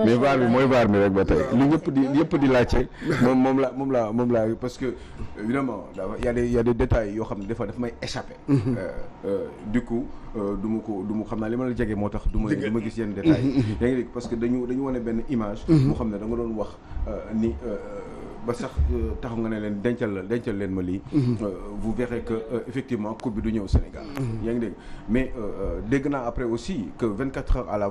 mais vaar mooy vaar bi ba tey lu ñëpp di ñëpp di laajte moom moom la moom laa moom laa parce que évidemment dafa y a des y a des détails yoo xam ne dafa daf may échappé mm-hmm. euh, euh, du coup euh, du ma ko du ma xam naa li ma la jege moo tax du ma ma gis yenn détails mm-hmm. yaa ngi dégg parce que dañu dañu wane benn image moo mm-hmm. xam ne da doon wax ni ba sax euh, taxaw nga ne leen dencal la dencal leen ma lii. Mhm. Euh, vous verrez que euh, effectivement coupe bi du ñëw Sénégal. Mhm. yaa ngi dégg mais dégg naa après aussi que 24 heures à l'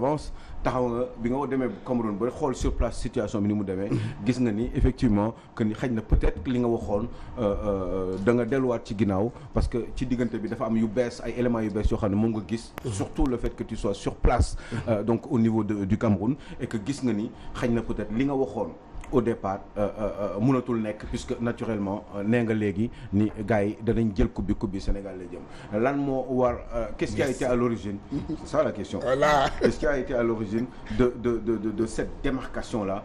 taxaw nga bi nga demee Cameroun ba xool sur place situation bi ni mu demee. Mhm. gis nga ni effectivement que ni xaj na peut-être li nga waxoon da nga delluwaat ci ginnaaw parce que ci diggante bi dafa am yu bees ay éléments yu bees yoo xam ne moom nga gis. surtout le fait que tu sois sur niveau de du Cameroun gis nga ni xaj na peut-être li nga waxoon. au départ euh, euh, euh, mënatul nekk puisque naturellement nee nga léegi ni gars yi danañ jël coupe bi coupe Sénégal la jëm lan moo war qu'est-ce qui a été à l'origine c'est ça la question voilà a été à l'origine de de de de de cette démarcation là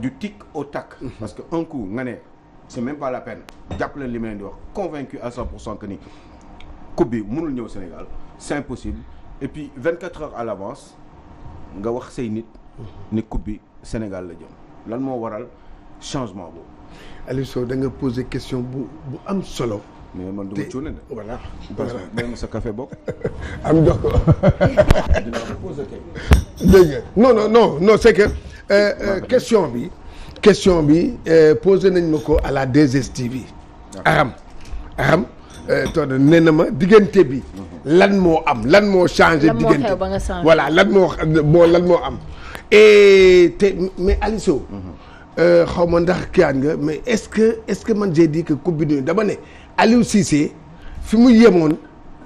du tic au tac parce que un coup nga ne c'est même pas la peine jàpp leen li ma leen di wax convaincu à 100 pour cent que ni coupe bi ñëw Sénégal c'est impossible et puis 24 heures à l'avance nga wax say nit ni coupe bi Sénégal jëm lan moo waral changement boobu. Aliou Sow da nga question bu bu am solo. mais man du ma cuune de. voilà may ma sa café bokk. am jox ko. dinaa ko posé nga non non non non c'est que euh, euh, question bi. question bi euh, posé nañ ma ko à la 2STV. aram aram euh, toog nee na ma diggante bi. Mhm. moo am lan moo changé. diggante voilà lan moo lan moo am. te mais Aliou Sow euh, xaw ma ndax at nga mais est-ce que est-ce que man j'ai dit que coupe bi dama ne Aliou Cissé fi mu yemoon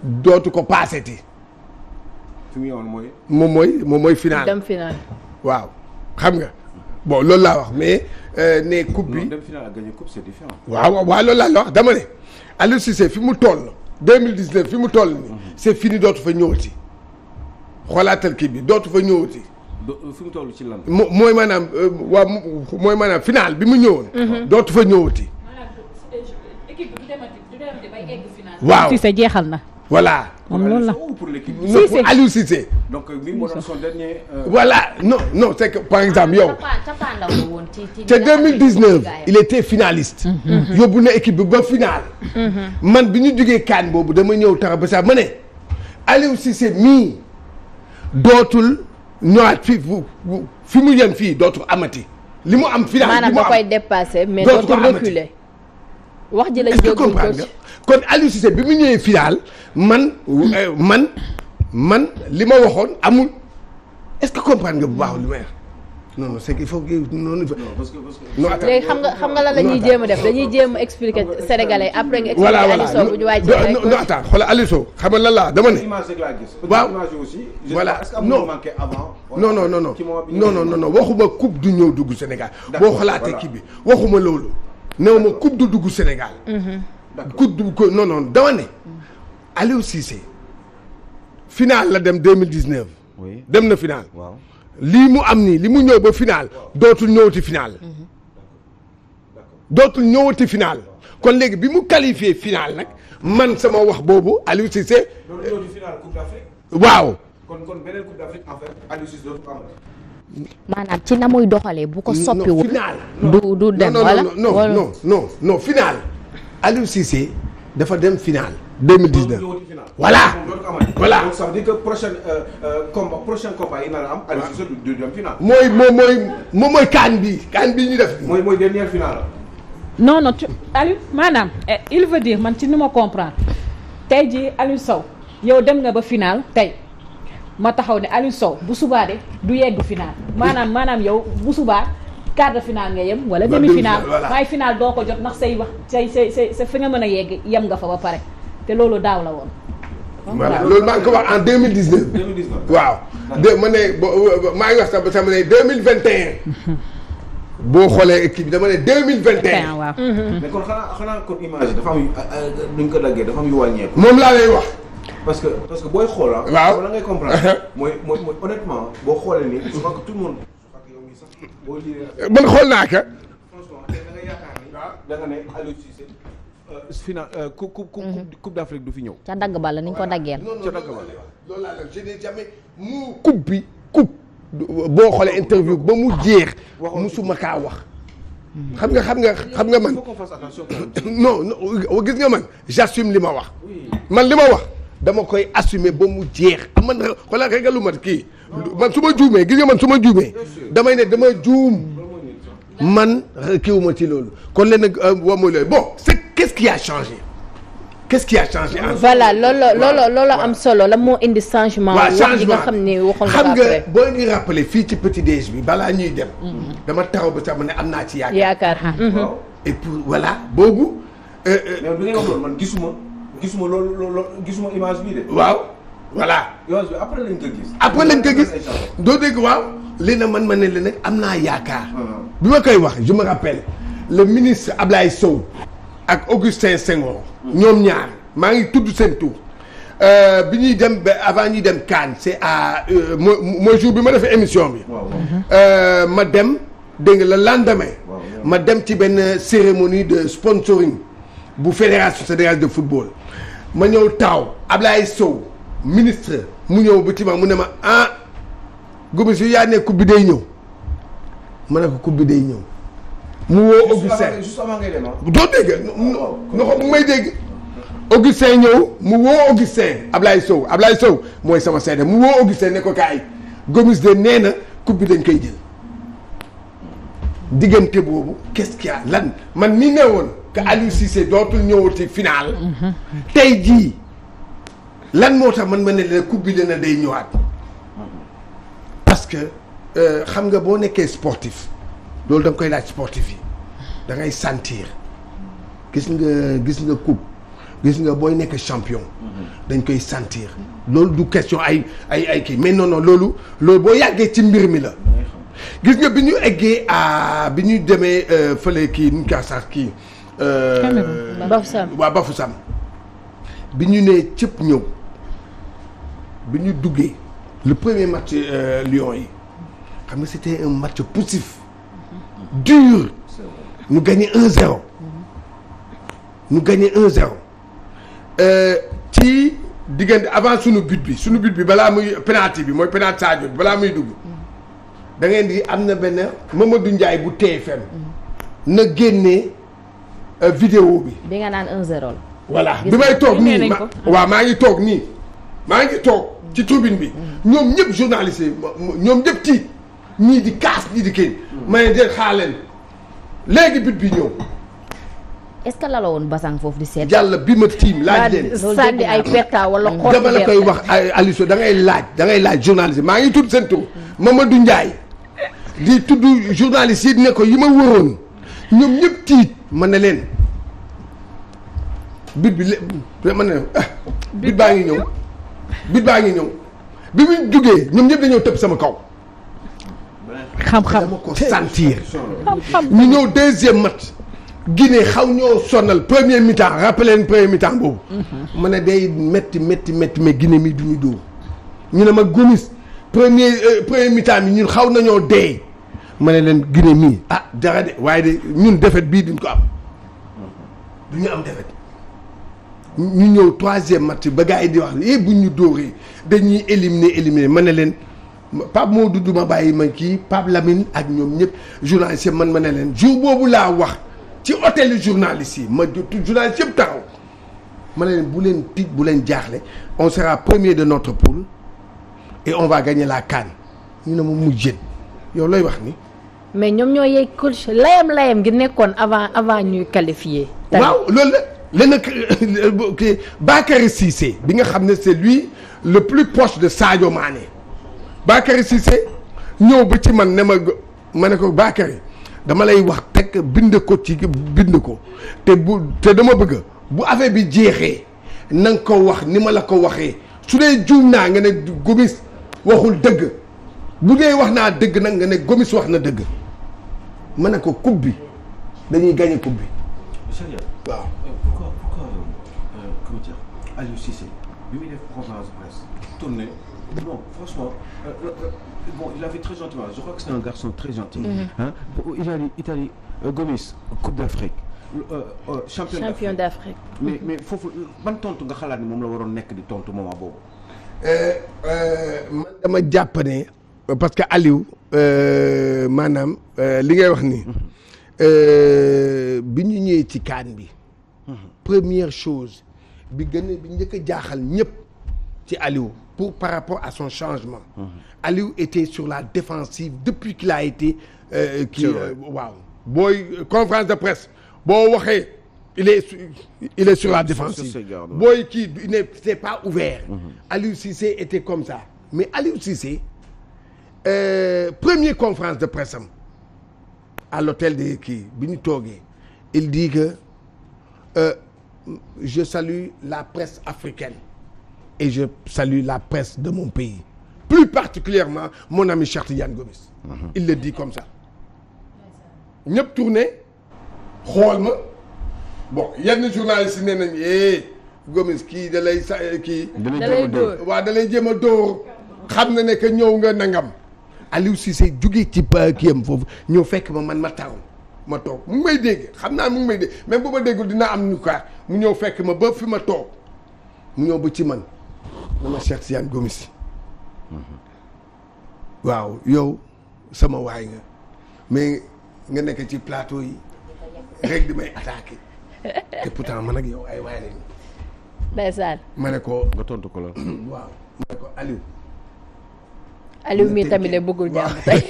dootu ko paaseti. fi mu mooy. moom mooy moom mooy final dem final. waaw xam nga bon loolu laa wax mais euh, ne coupe bi dem final ak gagner coupe c'est différent. waaw waaw loolu laa la wax dama ne Aliou Cissé fi mu toll 2019 fi mu toll nii. c'est fini dootu fa ñëwati xoolaatal kii bi dootu fa ñëwati. fi mu toll ci lamb mooy maanaam euh, waa mooy maanaam final bi mu ñëwoon. Mhm. dootu fa ñëwati. waaw Cissé jeexal na. voilà moom loolu la Cissé Aliou Cissé. no mi moo doon euh, que par exemple yow. ca 2019 il était finaliste. Mhm. Mhm. yóbbu na équipe bi ba final. man bi ñu jugee kaan boobu dama ñëw tax ba sax ma ne Aliou Cissé mii dootul. ñëwaat fii fi mu yem fii dootu amati. li mu am fii maanaam da koy dépassé mais dootu reculer wax ji la ñu comprendre kon Aliou bi mu ñëwee final man euh, man man li ma waxoon amul est-ce que comprendre nga bu baax li may wax non non léegi xam nga xam nga la ñuy jéem a def dañuy jéem a expliquer sénégalais après nga. voilà voilà Aliou Sow bu ñu wàccee rek non non attends xoolal Aliou Sow xam nga lan laa dama ne. image rek laa gis. waxuma coupe du ñëw dugg Sénégal. boo xalaatee kii bi waxuma loolu. néew ma coupe du dugg Sénégal. Mhm. coupe du ko non non dama ne. Aliou Cissé final la dem dem na final. waaw lii mu am nii li mu ñëw ba final dootul ñëwati final dootul ñëwati final kon léegi bi mu qualifié final nag man sama wax boobu aliw Cissé. dootul final Coupe d'Afrique. waaw. maanaam ci na muy doxalee bu ko soppiwul. final du dem wala non non non non non final dafa dem final. 2019 voilà. Euh, euh, a am. Aliou Cissé du dem final. mooy moom mooy moom mooy kaan bi kaan bi ñu def. mooy mooy dernière finale. non non maanaam eh, il veut dire man ci nu ma comprendre tey jii Aliou Sow yow dem nga ba finaal tey ma taxaw ne Aliou Sow bu subaa de du yegg final maanaam maanaam yow bu subaa. quart de finale nga yem wala demi finale waaye finale doo ko jot ndax say wax say say say sa fi nga mën a yegg yem nga fa ba pare te loolu daaw la woon voilà loolu maa ngi ko wax en deux mille dix neuf waaw de ma ne maa ngi sax sama ne deux mille vingt et un boo xoolee équipe bi dama ne mille vingt et un waaw xanaa xanaa kon euh, euh, ko daggee dafa moom laa lay wax parce que parce que booy xoola ah, waaw la ngay comprendre mooy mooy mooy boo xoolee nii je crois man xool naa ka. Ah, da nga ne Aliou euh, euh, mm-hmm. coupe d'Afrique du fi ñëw. ca dagg ba la ni ñu ko daggee ca dagg ba la loolu bi coupe boo xoolee interview ba mu jeex. musuma kaa wax. Mm-hmm. xam nga xam nga xam nga man. non non gis nga man j'assume li ma wax. man li ma wax. dama koy assumer ba mu jeex ah, man xoolal rek lu kii man su ma juumee gis nga man su ma juumee damay ne dama juum man kiwuma ci loolu kon la nag euh, waa mooy loolu bon changé qu'est-ce qui a changé en voilà moo indi changement wax yi nga xam ne waxoon boo ñuy fii ci petit déj bi balaa ñuy dem mhm. dama taxaw ba sax am naa ci yaakaar yaakaar mhm. et puis voilà boobu euh, euh, mais bi nga waxoon man gisuma gisuma loolu loolu gisuma image bi waaw voilà. image bi après lañ ko gis. ko gis doo dégg waaw. li na man ma ne la nag am naa yaakaar. Ah. bi ma koy wax je me rappelle le ministre Ablaye Sow. ak Augustin Senghor. ñoom ñaar maa ngi tudd seen tur. Euh, bi ñuy dem ba avant ñuy dem Cannes c'est à euh, mooy jour bi ma defee émission bi. Mhm. Euh, ma dem dégg la le lendemain. ma dem ci benn cérémonie de sponsoring bu fédération sénégalaise de football. ma ñëw taaw Ablaye Sow ministre mu ñëw bu ci ma mu ne ma ah Gomis yu yaa ne bi day ñëw ma ne ko coupe bi day ñëw mu woo Augustin doo dégg nga xam bu may dégg Augustin ñëw mu woo Augustin Ablaye Sow Ablaye Sow mooy sama seede mu woo Augustin ne ko kaay Gomis de nee na coupe bi dañ koy jël diggante boobu qu'est-ce qu'il lan man ni ne woon que Aliou Cissé dootul ñëwati final. tey jii lan moo tax man ma ne la coupe bi la day ñëwaat. parce que euh, xam nga boo nekkee sportif loolu danga koy laaj sportif yi da ngay sentir gis nga gis nga coupe gis nga booy nekk champion. dañ koy sentir. loolu du question ay ay ay kii mais non loolu loolu boo yàggee ci mbir mi la. gis nga bi ñu eggee bi ñu demee euh, fële kii nu mu kii Euh, Bafoussam waaw Bafoussam bi ñu nee cëpp ñëw bi ñu duggee le premier match euh, Lyon yi xam nga c'était un match poussif dur ñu gagné 1-0 ñu gagné 1-0 ci diggante avant sunu but bi sunu but bi balaa muy penalty bi mooy penalty Sadio balaa muy dugg da ngeen di am na benn Mamadou Ndiaye bu TFM na génnee. Euh, vidéo bi. bi nga naan 1-0 la. voilà bi may toog nii ma waaw maa ngi toog nii maa ngi toog mm. ci tribune bi. Mm. ñoom ñëpp journaliste yi ñoom ñëpp tiit ñii di kaas ñii di kenn. Mm. may de xaar leen léegi but bi ñëw. est-ce que woon basang foofu di seet. yàlla bi ma tiim laaj leen sànni ay perta wala xool dama la koy wax Aliou Sow ngay laaj da ngay laaj journaliste maa ngi tudd seen tur Mamadou Ndiaye di tudd journaliste yi ne ko yi ma wëroon. ñoom ñëpp tiit man na leen bit bi lé ma ne ah. bit baa ngi ñëw bit baa ngi ñëw bi mu jugee ñoom ñëpp dañoo tëb sama kaw. xam-xam dama ko sentir. ñu ñëw deuxième match. Guinée xaw ñoo sonal premier mi-temps rappelé leen premier mi-temps boobu. Mhm. ma ne day métti métti métti mais Guinée mi du ñu dóor. ñu ne ma Gomis premier euh, premier mi-temps bi ñun xaw nañoo dee. ma ne leen Guinée mii ah jaxa de waaye de ñun defet bii duñ ko am duñu am defet ñu ñëw troisième match ba gars yi di wax eh buñ ñu dóoree dañuy éliminer éliminer ma ne leen Pape moo dudd ma bàyyi ma kii Pape Lamine ak ñoom ñëpp journaliste man ma ne leen jour boobu laa wax ci hôtel journaliste yi ma journaliste yëpp taxaw ma ne leen bu leen tiit bu leen jaaxle on sera premier de notre poule et on va gagner la CAN ñu ne ma mujjeen yow looy wax ni mais ñoom ñoo yegg coach layam layam gi nekkoon avant avant ñuy qualifier. waaw loolu la lenn kii Bakary Cissé bi nga xam ne c'est lui le plus proche de Sadio Mané Bakary Cissé ñëw ba ci man ne ma ma ne ko Bakary dama lay wax teg bind ko ci bind ko te bu te dama bëgg bu affaire bi jeexee na ko wax ni ma la ko waxee su dee juum naa nga ne Gomis waxul dëgg bu dee wax naa dëgg nag nga ne Gomis wax na dëgg. ma ne ko coupe bi dañuy gagné coupe bi. waaw. Euh, pourquoi pourquoi euh, euh, comment dire Aliou Cissé bi muy def conférence de presse tourné non franchement euh, euh, bon très gentiment je crois que c'est un garçon très gentil. Mm-hmm. Italie Gomis Coupe d'Afrique. champion, d'Afrique mais mais foofu ban tontu nga xalaat ni moom la waroon nekk di tontu moment boobu. man dama jàpp ne parce que Aliou. Euh, maanaam euh, li ngay wax nii euh, bi ñu ñëwee ci kaan bi première chose bi gën a bi njëkk a jaaxal ñëpp ci Aliou pour par rapport à son changement Aliou était sur la défensive depuis qu'il a été kii waaw booy conférence de presse boo waxee il est il est sur la défensive booy n'est pas ouvert mhm. Aliou si était comme ça mais Aliou Cissé Euh, première conférence de presse am à l'hôtel de kii bi ñu toogee il dit que euh, je salue la presse africaine et je salue la presse de mon pays plus particulièrement mon ami Cheikh Tidiane Gomis mm -hmm. il le dit comme ça ñëpp tourné xool bon yenn journalistes yi nee nañ eh Gomis kii da lay sa kii. da lay dóor waaw da jéem a dóor. xam na ne que ñëw nga nangam. Aliou Cissé jugee ci kiyam foofu ñëw fekk ma man ma taw ma toog mu ngi may dégg xam naa mu ngi may dégg même bu ma déggul dina am ñu kaar mu ñëw fekk ma ba fi ma toog mu ñëw bu ci man na ma Cheikh Tidiane si waaw yow sama waay nga mais nga nekk ci plateau yi rek di may attaqué te pourtant man ak yow ay waay lañu. ndeysaan ma ne ko. nga tontu ko la waaw ma ne ko Aliou. Aliou mii tamit la bëggul jàmm tey.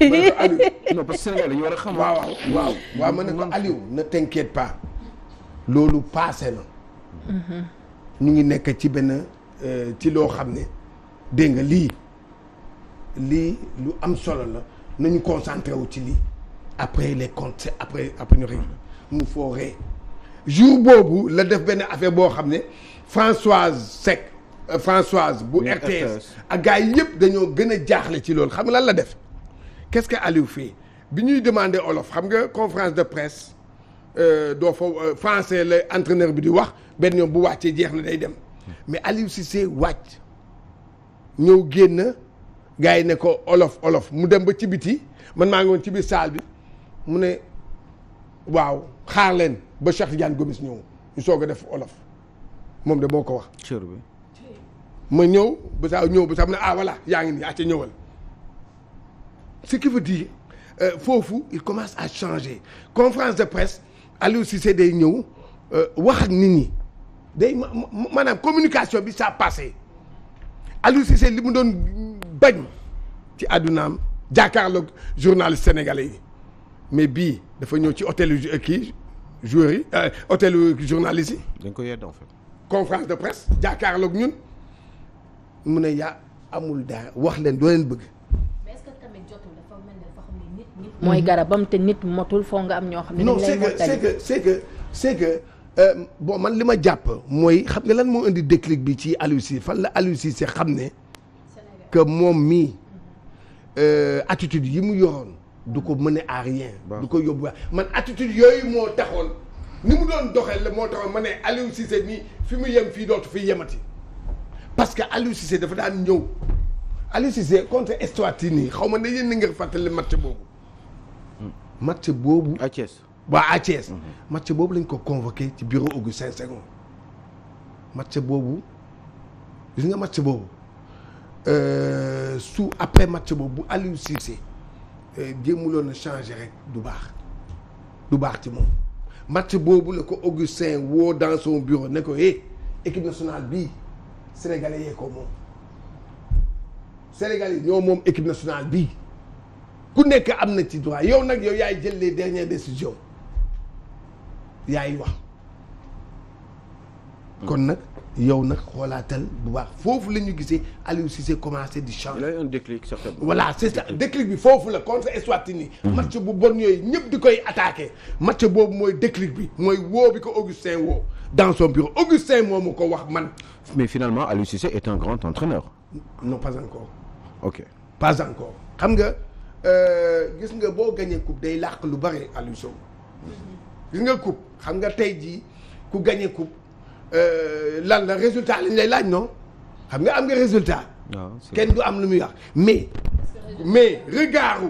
war a xam. waaw waaw waaw ma ne ko Aliou ne t'inquiète pas loolu passé na. Mhm. ñu ngi nekk ci benn euh, ci loo xam ne dégg nga lii lii lu am solo la nañu concentré wu ci lii après les comptes après après ñu réglé mu fooree jour boobu la def benn affaire boo xam ne Françoise Seck. Euh, Françoise bu RTS ak gars yi yëpp dañoo gën a jaaxle ci loolu xam nga lan la def quest que Aliou fait bi ñuy demandé olof xam nga conférence de presse euh, doo fa euh, français la entraîneur bi di wax benn yoon bu wàccee jeex na day dem mais si Cissé wàcc ñëw génn gars yi ne ko olof olof mu dem ba ci biti man maa ngi woon ci biir saal bi mu ne waaw xaar leen ba Cheikh Tidiane Gomis ñëw ñu soog a def olof moom de boo ko wax. ma ñëw ba saa ñëw ba saa mu ne ah voilà yaa ngi nii ate ñëwal ce qui veut dire euh, foofu il commence à changer conférence de presse Aliou Cissé day ñëw euh, wax ak nit ñi day maanaam communication bi ça passé Aliou Cissé li mu doon bañ ci àddunaam jàkkaarloog journaliste sénégalais yi mais bii dafa ñëw ci hôtel euh, kii joueurs yi hôtel journaliste yi. dañ ko yedd en fait. conférence de presse jàkkaarloog ñun. mu ne yaa amul daa wax leen doo leen bëgg. mais est-ce mooy garabam te nit motul foo nga am ñoo xam ne. non c'est que c'est que c'est que c'est euh, que bon man li ma jàpp mooy xam nga lan moo indi déclic bi ci Aliou fan la Aliou Cissé xam ne que moom mii euh, attitude yi mu yoroon du ko mener à rien. du ko yóbbu man attitude yooyu moo taxoon ni mu doon doxee la moo taxoon ma ne Aliou Cissé nii fi mu yem fii dootu fi yemati. parce que Aliou Cissé dafa daan ñëw Aliou Cissé contre Eswatini xaw ma ne yéen a ngi fàttali match boobu. match boobu. à Thiès waaw à mhm. match boobu lañ ko convoqué ci bureau Augustin Senghor. match boobu gis nga match boobu euh, su après match boobu bu Aliou Cissé euh, jéemuloon a changé rek du baax du baax ci moom match boobu la ko Augustin woo dans son bureau ne ko eh équipe nationale bii. sénégal yee ko moom yi ñoo moom équipe nationale bii ku nekk am na ci droit yow nag yow yaay jël les dernières décisions yaay wax kon nag yow nag xoolaatal bu baax foofu la ñu gisee Aliou Cissé commencé di changer. il y a un bi foofu la contre Eswatini. Hmm. match bu bon yooyu ñëpp di koy attaqué. match boobu mooy déclic bi mooy woo bi ko Augustin woo. dans son bureau Augustin moo ma ko wax man. mais finalement Aliou Cissé est un grand entraîneur. non pas encore. ok pas encore xam nga euh, gis nga boo gagné coupe day làq lu bare Aliou Sow gis nga coupe xam nga tey jii ku gagné coupe euh, lan la résultat lañ lay laaj non xam nga am nga résultat. Ah, kenn du am lu mu wax mais. mais regardu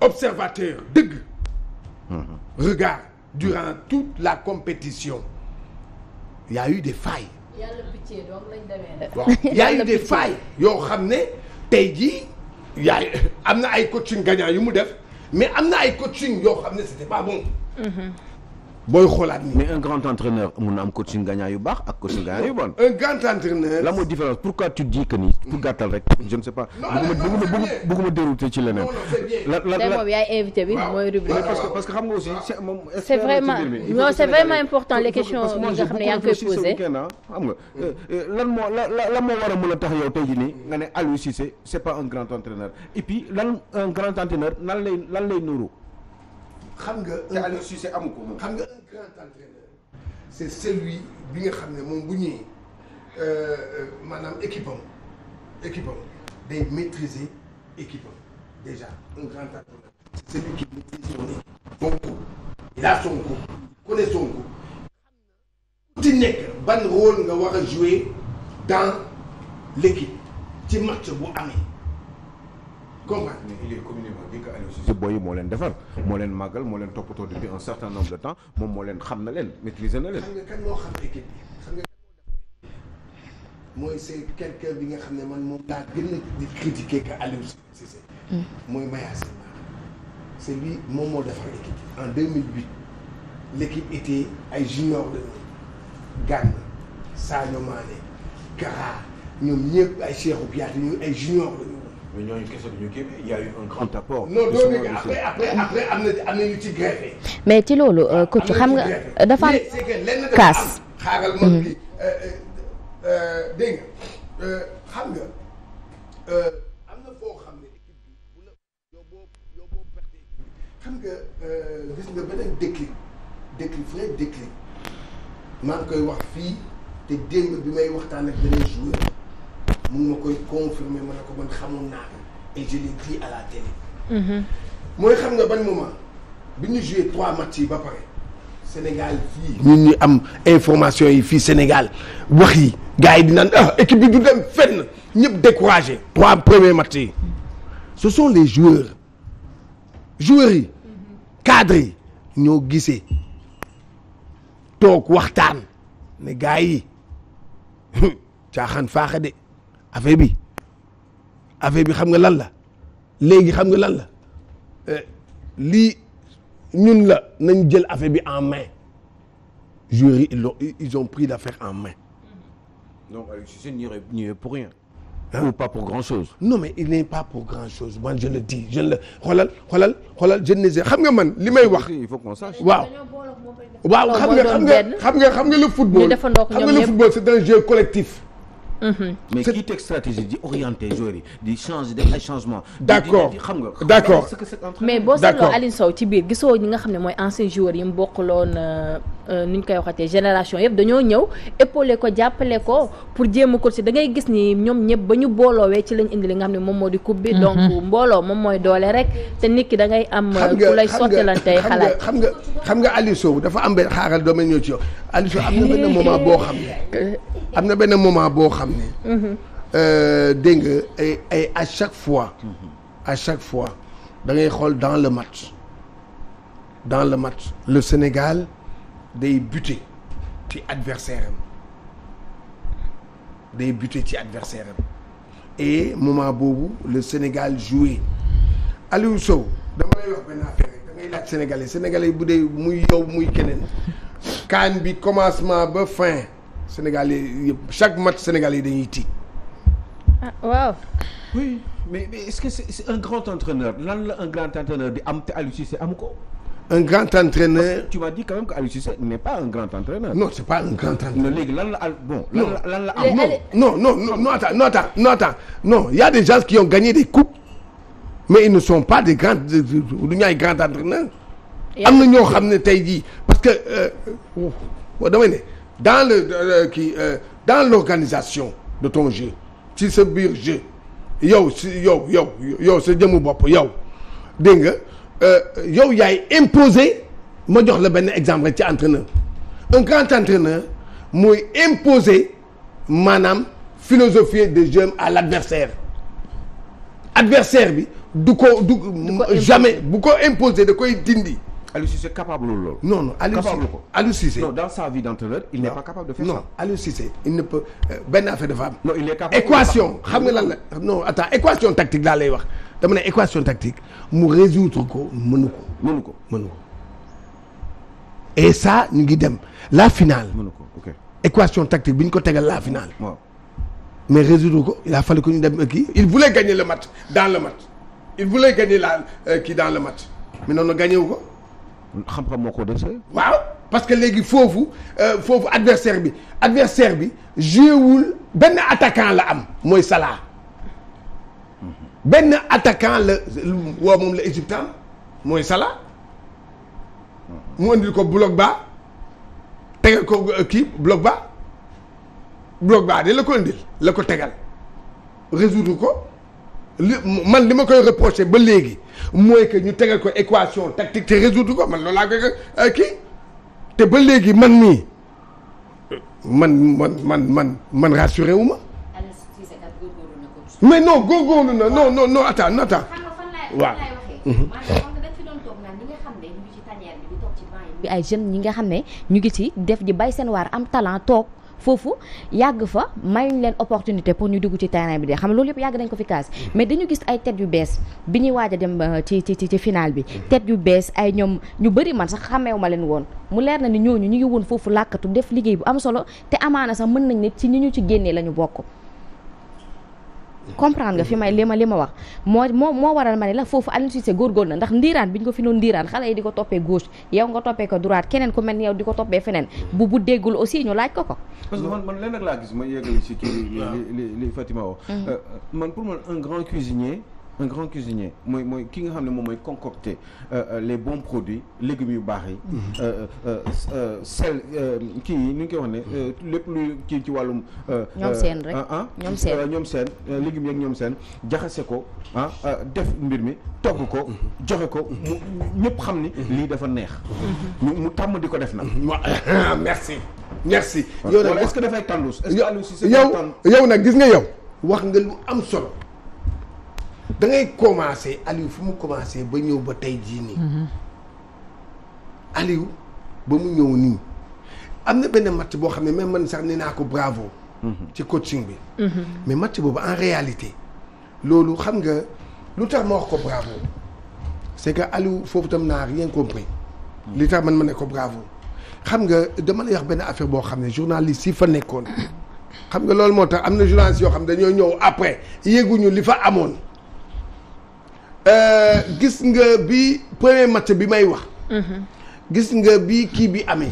observateur dëgg. Mmh. regard durant toute la compétition. yaa a eu des failles. yàlla piccé doom lañ demee waaw y a eu de failles yoo xam ne tey jii yaay am na ay coaching gagnant yu mu def mais am na ay coaching yoo xam ne c'était pas bon. Mm-hmm. booy xoolaat nii. mais un grand entraîneur mun na am coaching gagnant yu baax ak coaching gagnant yu bon. un grand entraîneur. la mooy différence pourquoi tu dis que ni. pour gàttal rek je ne sais pas. bëgguma bëgguma bëgguma ci leneen. la la la moom yaay invité bi mooy rubrique. parce parce que xam nga aussi c'est moom. c'est vraiment non c'est vraiment important les questions nga xam ne yaa euh, euh, lan moo la la lan moo war a mën a tax yow tey jii nii nga ne Aliou Cissé c'est pas un grand entraîneur et puis lan un grand entraîneur nan lay lan lay nuru. xam nga te Aliou Cissé amu ko moom. xam nga un grand entraîneur. c' est celui bi nga xam ne moom bu ñëwee euh, maanaam équipe am équipe am day maîtriser équipe am déjà un grand entraîneur. c' est celui qui maîtrise son équipe. son groupe il a son groupe il connaît ci nekk ban rôle nga war a jouer dans l' ci match bu amee. comprendre mais il est communément dit que Aliou Cissé booy yi moo leen defar moo leen màggal moo leen toppatoo depuis un certain nombre de temps moom moo leen xam na leen maîtriser na leen xam nga kan moo xam équipe bi mooy c'est quelqu'un bi nga xam ne man moom laa gën a di critiquer que Aliou Cissé hmm. mooy Maya Sène c'est lui moom moo defar équipe en 2008 l'équipe était ay junior de Gana Sadio Mané Kara ñoom ñëpp ay Cheikhou Kouyaté ñooy ay junior lañu mais ñooñu kese du ñu kii y a eu un grand apport. non doo am na am na ñu ci greffé. mais ci loolu. coach euh, mm-hmm. euh, euh, xam nga dafa am kaas. xaaral ma kii dégg nga xam nga am na foo xam ne équipe bi bu la yow boo gis nga beneen déclic déclic maa ngi koy wax fii te démb bi may waxtaan ak beneen joueur. mu ngi ma koy confirmer ma ne ko man xamoon naa ko mhm. mooy xam nga ban moment bi ñu joué trois matchs yi ba pare Sénégal fii. ñun ñu am information yi fii Sénégal wax yi gars yi di naan ah équipe bi du dem fenn ñëpp découragé. trois premiers matchs yi ce sont les joueurs joueurs yi cadres yi ñoo gisee toog waxtaan ne gars yi caaxaan faaxa affaire bi affaire bi xam nga lan la léegi xam nga lan la lii ñun la nañ jël affaire bi en main jury ils ont ils ont pris l'affaire en main. non mais il n'est pas pour grand chose man je le dis je le xoolal xoolal xoolal je ne sais xam nga man li may wax. il faut qu'on sache waaw. waaw xam nga xam nga xam nga xam nga le football. xam nga le football c'est un jeu collectif. Mm-hmm. mais kii teg stratégie di orienté joueurs yi di changer def ay changement. d' accord xam nga d' accord mais boo seetloo Aliou Sow ci biir gisoo ñi nga xam ne mooy ancien joueur yi mu bokkaloon. Euh, Euh, ni ñu koy waxatee génération yëpp dañoo ñëw épaulé ko jàppale ko pour jéem a ko si da ngay gis ni ñoom ñëpp ba ñu booloowee ci lañ indi li nga xam ne moom moo di coupe bi mm-hmm. donc mbooloo moom mooy doole rek te nit ki da ngay am euh, ku lay sottilante xalaat xam nga xam nga Aliou Sow dafa am benn xaaral dooma ñëw ci yow Aliou Sow am na benn moment boo xam ne am na benn boo xam ne mm-hmm. euh, dégg nga ay ay à chaque fois à chaque fois da ngay xool dans le match dans le match le Sénégal day buté ci adversaire am day buté ci adversaire am moment boobu le Sénégal joué Aliou Sow dama lay wax benn affaire da ngay laaj sénégalais sénégalais bu dee muy yow muy keneen kaan bi commencement ba fin sénégalais yëpp chaque match sénégalais yi dañuy tiit. ah waaw. oui mais mais est un grand entraîneur lan la un grand entraîneur di am te Aliou Cissé amu ko. un grand entraîneur. tu m'as dit quand même que Aliou Cissé n'est pas un grand entraîneur. non c'est pas un grand entraîneur. lan la bon. lan la lan la am non non non non attends non attends non attends non des gens qui ont gagné des coupes mais ils ne sont pas des grands du ay grands entraîneurs. am na ñoo xam ne tey jii parce que euh, oh, damay dans le kii euh, euh, dans l'organisation de ton jeu ci sa biir jeu yow si yow yow yow sa jëmu bopp yow dégg Euh, yow yaay imposer ma jox la benn exemple rek ci entraîneur un grand entraîneur mooy imposer maanaam philosophie de jeu à l'adversaire adversaire bi du ko du jamais bu ko imposer da koy dindi Aliou Cissé capable loolu non non Aliou Cissé Aliou capable de faire non, ça non il ne peut euh, benn affaire dafa am non il est capable équation xam nga lan la non attends équation tactique laa lay wax dama ne équation tactique mu résoudre ko mënu ko. mënu ko mënu ko. et ça ñu ngi dem la finale. mënu ko ok équation tactique bi ñu ko tegal la finale. mais résoudre ko il a fallu que ñu dem euh, kii. il voulait gagner le match dans le match il voulait gagner la euh, kii dans le match mais noonu gagné wu ko. xam moo ko dese. waaw parce que léegi foofu euh, foofu adversaire bi adversaire bi joué benn attaquant la am mooy Salah. benn attaquant la woo moom la Égypte am mooy Salah mu andil ko bloc bas tegal ko euh, kii bloc bas bloc bas de la ko andil la ko tegal résoudre ko li man li ma koy reproché ba léegi mooy que ñu tegal ko équation tactique te résoudre ko man loolu laa koy euh, te ba léegi man nii man man man man man rassuré wu ma mais non góorgóorlu na non non non attends attends mhm. ay jeunes ñi nga xam ne ñu ngi ci def ji bay seen waar am talent toog foofu yàgg fa mayuñ leen opportunité pour ñu dugg ci terrain bi de xam loolu yëpp yàgg nañ ko fi kaas mhm. mais dañu gis ay tête yu bees bi ñuy waaj a dem euh, ci ci ci final bi mhm. tête yu bees ay ñoom ñu bari man sax xameewu ma leen woon mu leer na ni ñooñu ñu ngi woon foofu làkkatu def liggéey bu am solo te amaana sax mën nañ nit ci ñi ñu ci génnee la ñu bokk comprendre nga fi may li ma li ma wax moo moo moo waral ma ne la foofu Aliou Cissé góorgóor na ndax ndiiraan bi ñu ko fi noon ndiiraan xale yi di ko toppee gauche yow nga toppee ko droite keneen ku mel ni yow di ko toppee feneen bu bu déggul aussi ñu laaj ko ko parce que man leen rek laa gis ma yeggali si kii li li Fatima wax mhm. euh, man pour man un grand cuisinier un grand cuisinier mooy mooy ki nga xam ne moom mooy concocter euh, euh, les bons produits légumes yu baax yi. Mm-hmm. Euh, sel kii yi ni ñu koy wax ne lépp lu kii ci wàllum. ñoom seen rek ah, ah, ñoom seen ñoom seen légumes yeeg ñoom seen jaxase ko ah def mbir mi togg ko mm-hmm. joxe ko mu ñëpp xam ni mm-hmm. lii dafa neex. mu tàmm di ko def nag. merci. merci yow nag est-ce que dafay tàllus. est-ce que yow nag gis nga yow. wax nga lu am sol da ngay commencé Aliou fu mu commencé ba ñëw ba tey jii nii. Mhm. Aliou ba mu ñëw nii am na benn match boo xam ne même man sax nee naa ko bravo. Mhm. ci coaching bi. Mhm. mais match boobu en réalité loolu xam nga lu tax ma wax ko bravo c'est que Aliou foofu tam naa rien compris. li tax man ma ne ko bravo. xam nga dama lay wax benn affaire boo xam ne journaliste yi fa nekkoon xam nga loolu moo tax am na journaliste yoo xam ne dañoo ñëw après yéeguñu li fa amoon. Euh, gis nga bi premier match bi may wax. Mhm. gis nga bi kii bi amee.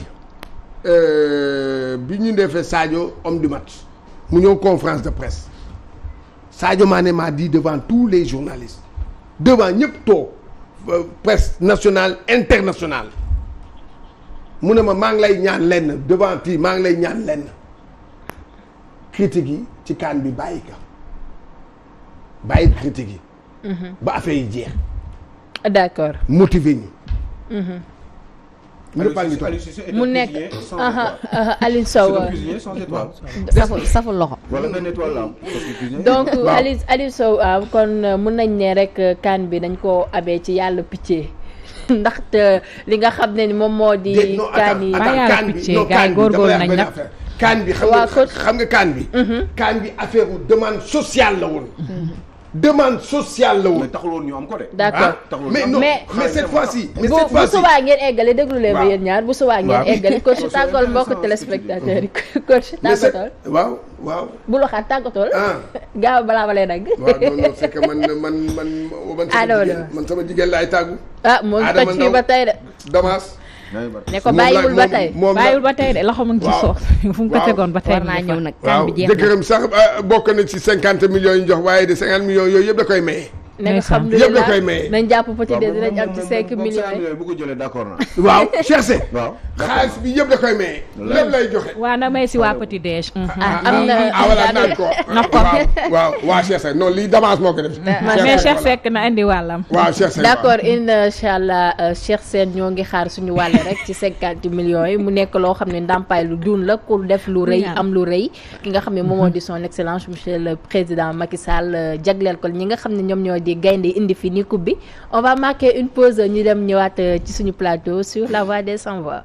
Euh, bi ñu defee saajo homme du match mu ñëw conférence de saajo maa Mané m'a dit devant tous les journalistes devant ñëpp toog euh, presse national internationale mu ne ma maa ngi lay ñaan lenn devant fii maa ngi lay ñaan lenn critique yi ci kaan bi bàyyi ka bàyyi critique yi. Mm-hmm. ba affaire yi jeex. d'accord motiver ñi. ñëpp a ngi toog mu nekk Aliou Sow euh, safu safu loxo. donc Aliou Aliou euh, kon euh, mun nañ ne rek kan bi dañ ko abee ci yàlla piccé ndaxte li nga xam ne ni moom moo di. kaan yi ba yàlla piccé gars yi góorgóorlu nañ nag kaan bi xam nga xam nga kaan bi. Mhm. kaan bi affaire demande sociale la woon. Mhm. demande sociale la woon. mais taxul de. d'accord ah, mais non mais cette fois-ci. mais cette fois-ci bu subaa ngeen eggale déglu leen. waaw yéen ñaar bu subaa ngeen eggale. coach tàggool mbokk téléspectateur yi coach tàggatool. waaw waaw. bu loxaat tàggatool. Ah. gaaw balaa ma lay dagg. waaw man sama jigéen man sama tàggu. ah moo fii ba tey de. ne ko bàyyiwul ba tey bàyyiwul ba tey de loxo mu ngi ci soox fu mu ko tegoon ba tey war naa ñëw nag waaw jëkkëram sax euh, bokk na ci cinquante millions yi jox waaye de cinquante millions yooyu yëpp da koy may nañ xam lu la koy maye nañ jàpp peut-être dinañ am ci cinq millions yi bu ko jëlee d'accord na waaw Cheikh Sèye waaw xaalis bi yëpp da koy maye lépp lay joxe waaw na may si waa petit déj ah, mhm. ah, am ah, na voilà naan ko na ko waaw waaw Cheikh Sèye non lii damage moo ko def mais Cheikh Seck na indi wàllam waaw Cheikh Sèye d'accord incha allah euh, Cheikh Sène ñoo ngi xaar suñu wàll rek ci cinquante millions yi mu nekk loo xam ne ndàmpaay lu duun la ku def lu rëy am lu rëy ki nga xam ne moom moo di son excellence monsieur le président Macky Sall euh, jagleel ko ñi nga xam ne ñoom ñoo di gaynde indi fi ni coupe bi on va marquer une pause ñu dem ñëwaat euh, ci suñu plateau sur la voie des sans